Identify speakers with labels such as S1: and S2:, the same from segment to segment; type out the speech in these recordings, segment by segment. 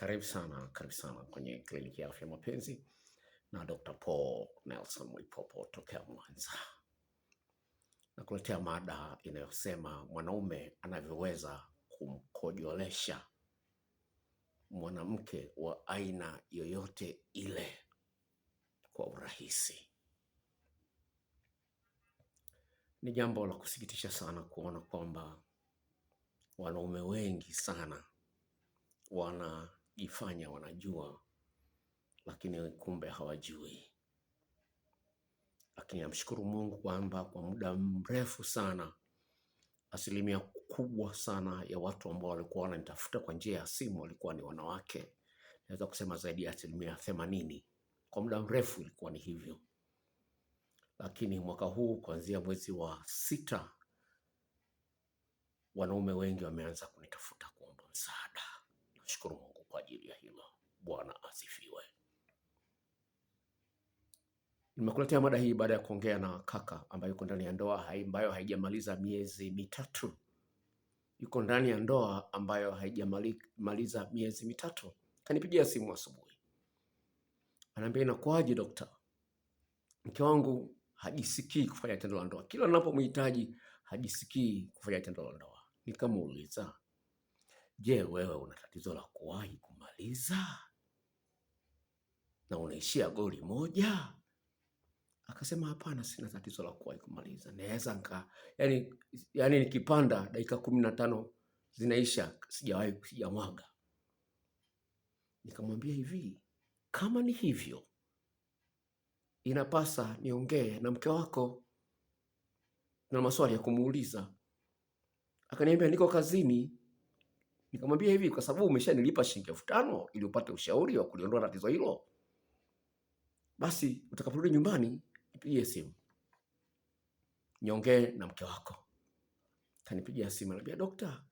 S1: Karibu sana, karibu sana kwenye kliniki ya afya mapenzi na Dr. Paul Nelson Mwipopo tokea Mwanza. Nakuletea mada inayosema mwanaume anavyoweza kumkojolesha mwanamke wa aina yoyote ile kwa urahisi. Ni jambo la kusikitisha sana kuona kwamba wanaume wengi sana wana wanajifanya wanajua, lakini kumbe hawajui. Lakini namshukuru Mungu kwamba kwa muda mrefu sana asilimia kubwa sana ya watu ambao walikuwa wananitafuta kwa njia ya simu walikuwa ni wanawake. Naweza kusema zaidi ya asilimia themanini. Kwa muda mrefu ilikuwa ni hivyo, lakini mwaka huu kuanzia mwezi wa sita wanaume wengi wameanza kunitafuta kuomba msaada. Nashukuru kwa ajili ya hilo. Bwana asifiwe. Nimekuletea mada hii baada ya kuongea na kaka ambaye yuko ndani ya ndoa ambayo haijamaliza miezi mitatu, yuko ndani ya ndoa ambayo haijamaliza miezi mitatu. Kanipigia simu asubuhi, anaambia inakuwaje dokta, mke wangu hajisikii kufanya tendo la ndoa, kila ninapomhitaji hajisikii kufanya tendo la ndoa. Nikamuuliza, Je, wewe una tatizo la kuwahi kumaliza na unaishia goli moja? Akasema hapana, sina tatizo la kuwahi kumaliza, naweza nika yani, yani nikipanda dakika kumi na tano zinaisha, sijawahi sijamwaga. Nikamwambia hivi, kama ni hivyo inapasa niongee na mke wako na maswali ya kumuuliza. Akaniambia niko kazini Nikamwambia hivi, kwa sababu umeshanilipa shilingi elfu tano ili upate ushauri wa kuliondoa tatizo hilo, basi utakaporudi nyumbani nipigie simu, niongee na mke wako. Kanipigia simu, anambia dokta,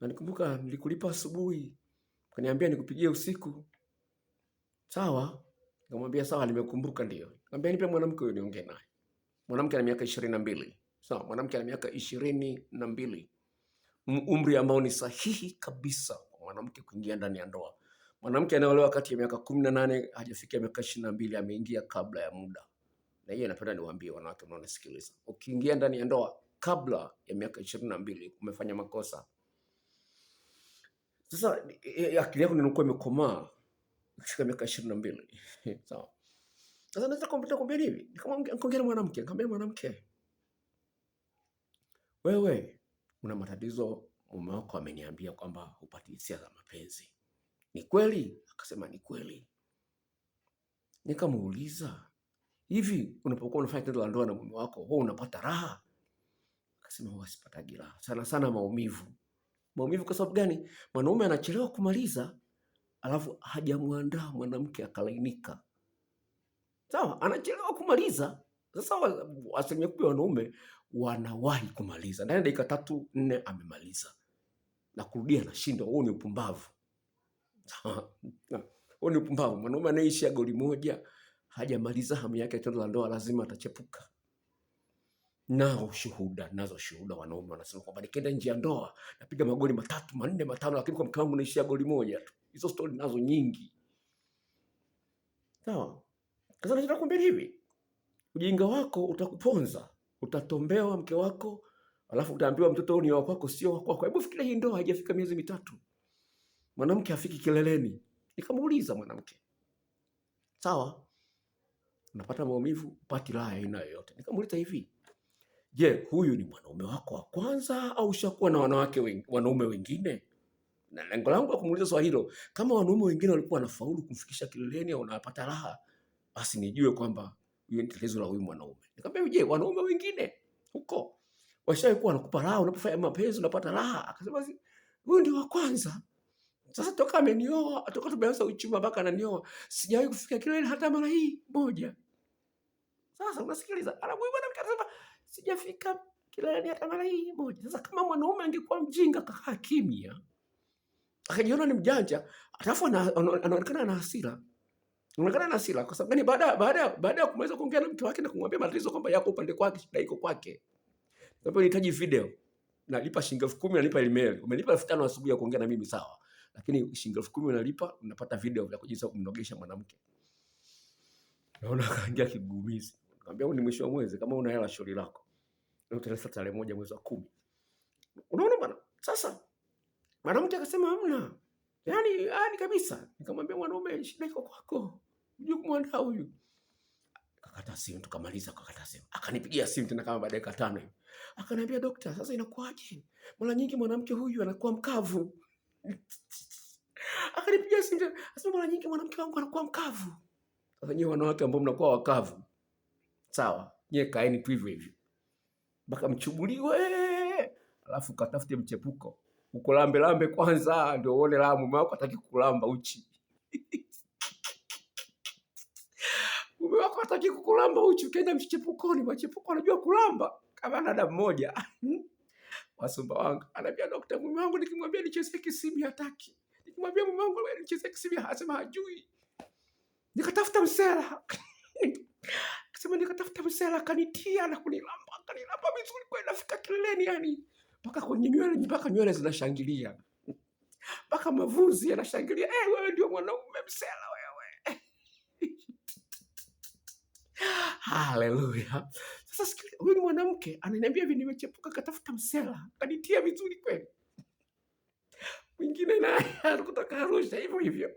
S1: na nikumbuka nilikulipa asubuhi, kaniambia nikupigie usiku. Sawa, nikamwambia sawa, nimekumbuka ndio. Nikamwambia nipe mwanamke huyo niongee naye. Mwanamke ana miaka ishirini na mbili. Sawa, mwanamke ana miaka ishirini na mbili umri ambao ni sahihi kabisa kwa mwanamke kuingia ndani ya ndoa. Mwanamke anayeolewa kati ya miaka kumi na nane hajafikia miaka ishirini na mbili ameingia kabla ya muda, na hiyo napenda niwaambie wanawake wanaonisikiliza, ukiingia ndani ya ndoa kabla ya miaka ishirini na mbili umefanya makosa. Sasa akili yako inakuwa imekomaa kufika miaka ishirini na mbili sawa. Sasa naweza kuambia hivi, nikamwambia mwanamke, nikamwambia mwanamke, wewe una matatizo, mume wako ameniambia kwamba hupati hisia za mapenzi. Ni kweli? Akasema ni kweli. Nikamuuliza, hivi unapokuwa unafanya tendo la ndoa na mume wako wewe unapata raha? Akasema huwa sipatagi raha, sana sana maumivu. Maumivu kwa sababu gani? Mwanaume anachelewa kumaliza, alafu hajamwandaa mwanamke akalainika. Sawa, anachelewa kumaliza. Sasa asilimia kubwa wanaume wanawahi kumaliza ndani ya dakika tatu nne, amemaliza na kurudia anashindwa. Huo ni upumbavu, huo ni upumbavu. Mwanaume anayeishia goli moja hajamaliza hamu yake tendo la ndoa, lazima atachepuka. Nao shuhuda nazo shuhuda, wanaume wanasema kwamba nikienda nje ya ndoa napiga magoli matatu manne matano, lakini kwa mke wangu naishia goli moja tu. Hizo stori nazo nyingi. Sawa, sasa kumbili hivi, ujinga wako utakuponza. Utatombewa mke wako, alafu utaambiwa mtoto huu ni wa kwako, sio wa kwako. Hebu fikiria, hii ndoa haijafika miezi mitatu, mwanamke hafiki kileleni. Nikamuuliza mwanamke, sawa, unapata maumivu, upati raha aina yoyote? Nikamuuliza hivi, je, huyu ni mwanaume wako wa kwanza au ushakuwa na wanawake wen, wanaume wengine? Na lengo langu la kumuuliza swali hilo, kama wanaume wengine walikuwa wanafaulu kumfikisha kileleni au wanapata raha, basi nijue kwamba ni tatizo la huyu mwanaume. Nikamwambia je, wanaume wengine huko washaikuwa wanakupa raha unapofanya mapenzi unapata raha? Akasema huyu ndio wa kwanza. Sasa toka amenioa, toka tumeanza uchumba mpaka ananioa, sijawahi kufika kilele hata mara hii moja. Sasa unasikiliza, huyu na anasema sijafika kileleni hata mara hii moja. Sasa kama mwanaume angekuwa mjinga kakaa kimya, akajiona ni mjanja, alafu anaonekana ana hasira ana, ana, ana, ana, ana, ana, ana, ana, Unaonekana na Sila kwa sababu gani? Baada baada baada ya kumweza kuongea na mke wake na kumwambia matatizo kwamba yako upande kwake, shida iko kwake. Sababu nahitaji video. Nalipa shilingi elfu kumi nalipa email. Umelipa elfu tano asubuhi ya kuongea na mimi sawa. Lakini shilingi elfu kumi unalipa unapata video ya kujisa kumnogesha mwanamke. Naona kaingia kigumizi. Nikamwambia huu ni mwisho wa mwezi kama una hela shauri lako. Ndio tarehe moja mwezi wa kumi. Unaona bwana? Sasa mwanamke akasema hamna yaani yani kabisa. Nikamwambia mwanaume, shida iko kwako, mwandaa huyu. Kakata simu, tukamaliza akakata simu. Akanipigia simu tena kama baada ya dakika tano hivi, akaniambia dokta, sasa inakuwaje? Mara nyingi mwanamke huyu anakuwa mkavu akanipigia simu tena, asema mara nyingi mwanamke wangu anakuwa mkavu. Sasa nyewe wanawake ambao mnakuwa wakavu, sawa, nyewe kaeni tu hivyo hivyo mpaka mchubuliwe, alafu katafute mchepuko ukulambe lambe kwanza ndio uone la Mume wako hataki kukulamba uchi mume wako hataki kukulamba uchi, ukienda mchepukoni, machepuko anajua kulamba kama dada mmoja wasumba wangu anambia dokta, mume wangu nikimwambia nicheze kisimi hataki, nikimwambia mume wangu nicheze kisimi hasema hajui. Nikatafuta msela akasema, nikatafuta msela akanitia na kunilamba, akanilamba vizuri kwa inafika kileleni yani mpaka kwenye nywele, mpaka nywele zinashangilia, mpaka mavuzi yanashangilia. Hey, eh, wewe ndio mwanaume msela wewe. Haleluya! Sasa sikili, huyu ni mwanamke ananiambia hivi, nimechepuka katafuta msela kanitia vizuri kweli. Mwingine naye kutoka Arusha hivyo hivyo,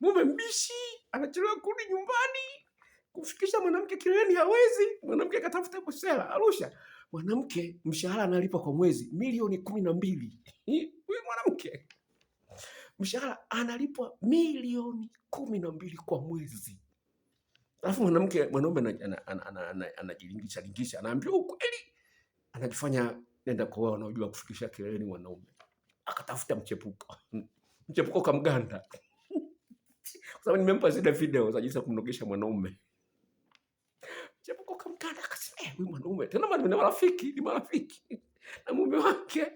S1: mume mbishi, anachelewa kurudi nyumbani, kufikisha mwanamke kileni, hawezi. Mwanamke akatafuta msela Arusha mwanamke mshahara analipa kwa mwezi milioni kumi na mbili. Huyu mwanamke mshahara analipwa milioni kumi na mbili kwa mwezi, alafu mwanamke mwanaume anajilingisha lingisha, ukweli, oh, anajifanya nenda kwa wao wanaojua kufikisha kileleni Mwanaume akatafuta mchepuko mchepuko kamganda, kwa sababu nimempa zile video za jinsi ya kumnogesha mwanaume. Eh, huyu mwanaume tena mwanaume ni marafiki, ni marafiki na mume wake,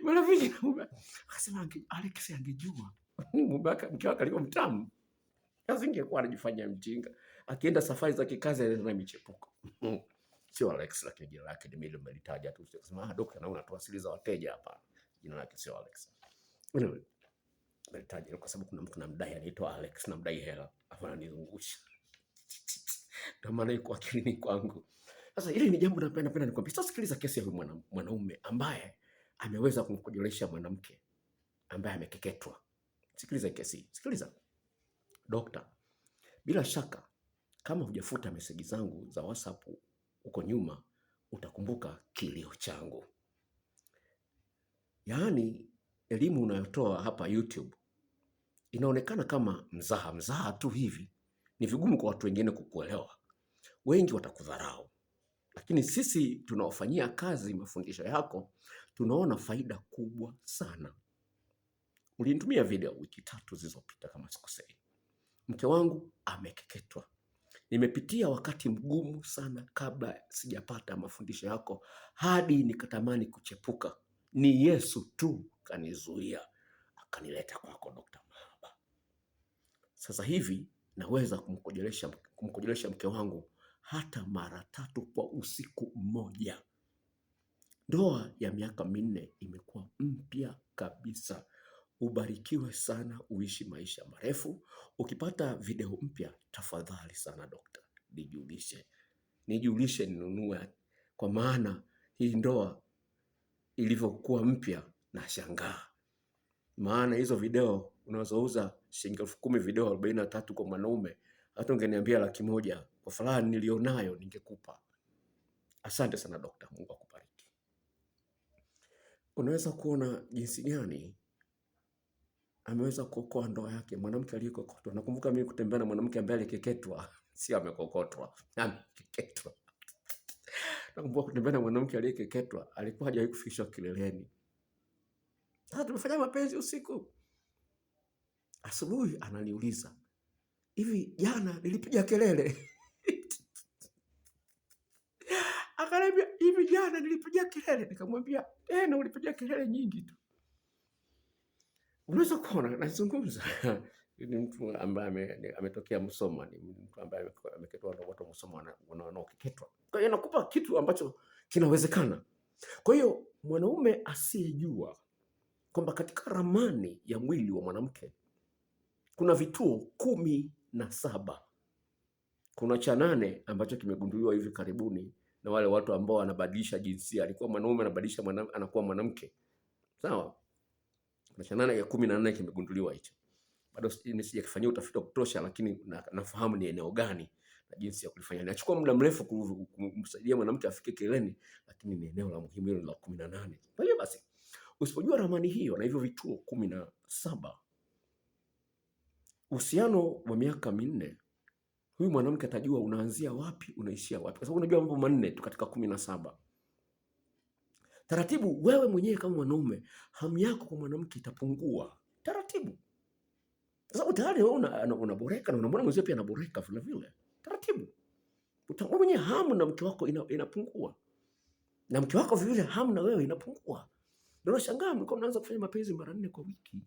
S1: marafiki na mume. Akasema ange Alex angejua mume wake mke wake alikuwa mtamu, asingekuwa anajifanya mjinga, akienda safari za kikazi anaenda michepuko sio Alex, lakini jina lake ni mimi nimelitaja tu. ah, naona tu asili za wateja hapa, jina lake sio Alex. Anyway, kwa sababu kuna mtu namdai anaitwa Alex, namdai hela afa ananizungusha, ndio maana iko akilini kwangu. Sasa hili ni jambo napenda napenda nikwambie. Sasa sikiliza kesi ya huyu mwanaume ambaye ameweza kumkojolesha mwanamke ambaye amekeketwa. Sikiliza kesi, sikiliza dokta. Bila shaka kama hujafuta meseji zangu za WhatsApp huko nyuma, utakumbuka kilio changu. Yaani elimu unayotoa hapa YouTube inaonekana kama mzaha mzaha tu hivi, ni vigumu kwa watu wengine kukuelewa, wengi watakudharau. Lakini sisi tunaofanyia kazi mafundisho yako tunaona faida kubwa sana. Ulinitumia video wiki tatu zilizopita kama sikosei. Mke wangu amekeketwa. Nimepitia wakati mgumu sana kabla sijapata mafundisho yako hadi nikatamani kuchepuka. Ni Yesu tu kanizuia akanileta kwako Dr. Mahaba. Sasa hivi naweza kumkojelesha kumkojelesha mke wangu hata mara tatu kwa usiku mmoja. Ndoa ya miaka minne imekuwa mpya kabisa. Ubarikiwe sana, uishi maisha marefu. Ukipata video mpya, tafadhali sana dokta, nijulishe, nijulishe ninunue, kwa maana hii ndoa ilivyokuwa mpya na shangaa. Maana hizo video unazouza shilingi elfu kumi video arobaini na tatu kwa mwanaume hata ungeniambia laki moja kwa fulani nilionayo ningekupa. Asante sana dokta, Mungu akubariki. Unaweza kuona jinsi gani ameweza kuokoa ndoa yake, mwanamke aliyekokotwa. Nakumbuka mimi kutembea na mwanamke ambaye alikeketwa, si amekokotwa, amekeketwa. Yaani, Nakumbuka kutembea na mwanamke aliyekeketwa, alikuwa hajawahi kufikishwa kileleni. Sasa tumefanya mapenzi usiku, asubuhi ananiuliza hivi jana nilipiga kelele akaniambia hivi jana nilipiga kelele. Nikamwambia tena ulipiga kelele nyingi tu. Unaweza kuona nazungumza ni mtu ambaye ametokea Musoma, ni mtu ambaye ameketwa na watu wa Musoma wanaokeketwa. Kwa hiyo nakupa kitu ambacho kinawezekana. Kwa hiyo mwanaume asiyejua kwamba katika ramani ya mwili wa mwanamke kuna vituo kumi na saba. Kuna cha nane ambacho kimegunduliwa hivi karibuni na wale watu ambao wanabadilisha jinsia, alikuwa mwanaume anabadilisha mwana, anakuwa mwanamke sawa. Kuna cha nane ya kumi na nne kimegunduliwa hicho, bado sijakifanyia utafiti wa kutosha, lakini na, nafahamu ni eneo gani na jinsi ya kulifanya. Inachukua muda mrefu kumsaidia mwanamke afike kileni, lakini ni eneo la muhimu hilo la kumi na nane. Kwa hiyo basi usipojua ramani hiyo na hivyo vituo kumi na saba uhusiano wa miaka minne, huyu mwanamke atajua unaanzia wapi unaishia wapi, kwa sababu unajua mambo manne tu katika kumi na saba. Taratibu wewe mwenyewe kama mwanaume, hamu yako kwa mwanamke itapungua taratibu, kwa sababu tayari wewe unaboreka na unamwona mwenzio pia anaboreka vile vile. Taratibu wewe mwenyewe hamu na mke wako ina, inapungua, na mke wako vile hamu na wewe inapungua. Ndio nashangaa mlikuwa mnaanza kufanya mapenzi mara nne kwa wiki,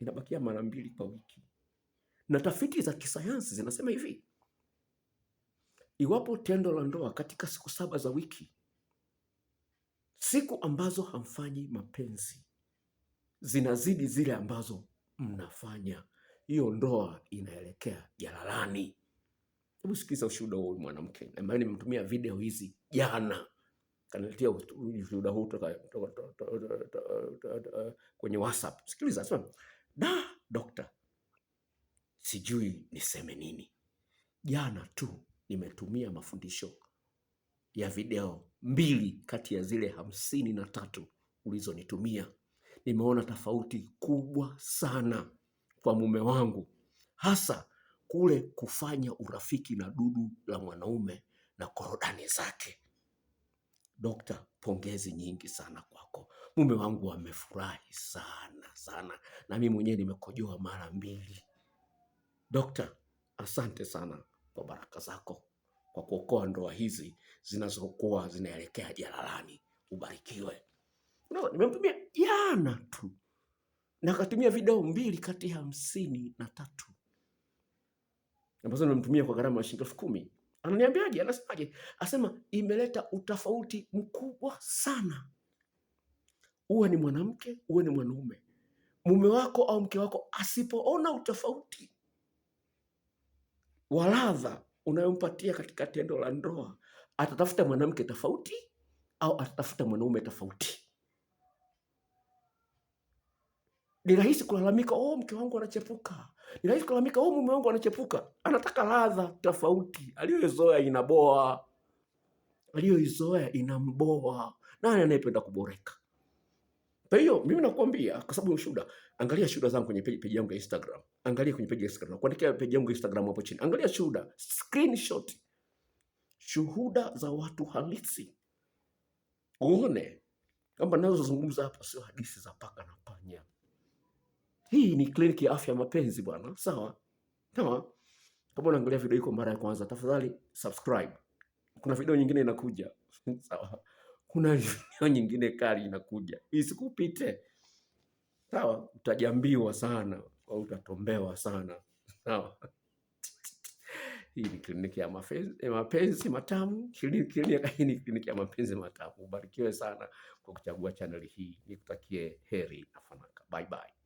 S1: inabakia mara mbili kwa wiki na tafiti za kisayansi zinasema hivi: iwapo tendo la ndoa katika siku saba za wiki, siku ambazo hamfanyi mapenzi zinazidi zile ambazo mnafanya, hiyo ndoa inaelekea jalalani. Hebu sikiliza ushuhuda huu, mwanamke, ambaye nimemtumia video hizi jana, kaniletea ushuhuda huu kwenye WhatsApp. Sikiliza, sema da, dokta sijui niseme nini. Jana tu nimetumia mafundisho ya video mbili kati ya zile hamsini na tatu ulizonitumia. Nimeona tofauti kubwa sana kwa mume wangu, hasa kule kufanya urafiki na dudu la mwanaume na korodani zake. Dokta, pongezi nyingi sana kwako. Mume wangu amefurahi sana sana, na mimi mwenyewe nimekojoa mara mbili. Dokta, asante sana kwa baraka zako kwa kuokoa ndoa hizi zinazokuwa zinaelekea jalalani. Ubarikiwe. Nimemtumia jana tu na akatumia video mbili kati ya hamsini na tatu ambazo nimemtumia kwa gharama ya shilingi elfu kumi. Ananiambiaje? Anasemaje? Asema imeleta utofauti mkubwa sana. Uwe ni mwanamke, uwe ni mwanaume, mume wako au mke wako asipoona utofauti wa ladha unayompatia katika tendo la ndoa, atatafuta mwanamke tofauti au atatafuta mwanaume tofauti. Ni rahisi kulalamika, oh, mke wangu anachepuka. Ni rahisi kulalamika, oh, mume wangu anachepuka. Anataka ladha tofauti, aliyoizoea inaboa, aliyoizoea inamboa. Nani anayependa kuboreka? Kwa hiyo mimi nakwambia kwa sababu ya ushuhuda, angalia shuhuda zangu kwenye peji yangu ya Instagram. Angalia kwenye peji ya Instagram. Kuandikia peji yangu ya Instagram hapo chini. Angalia shuhuda, screenshot. Shuhuda za watu halisi. Uone kwamba nazozungumza hapa sio hadithi za paka na panya. Hii ni kliniki ya afya mapenzi bwana, sawa? Sawa? Kama unaangalia video hii kwa mara ya kwanza, tafadhali subscribe. Kuna video nyingine inakuja. Sawa? kuna dunia nyingine kali inakuja, isikupite. Sawa, utajambiwa sana au utatombewa sana. Sawa. Hii ni kliniki ya mapenzi matamu. Hii ni kliniki ya mapenzi matamu. Ubarikiwe sana kwa kuchagua chaneli hii, nikutakie heri na fanaka. Bye bye.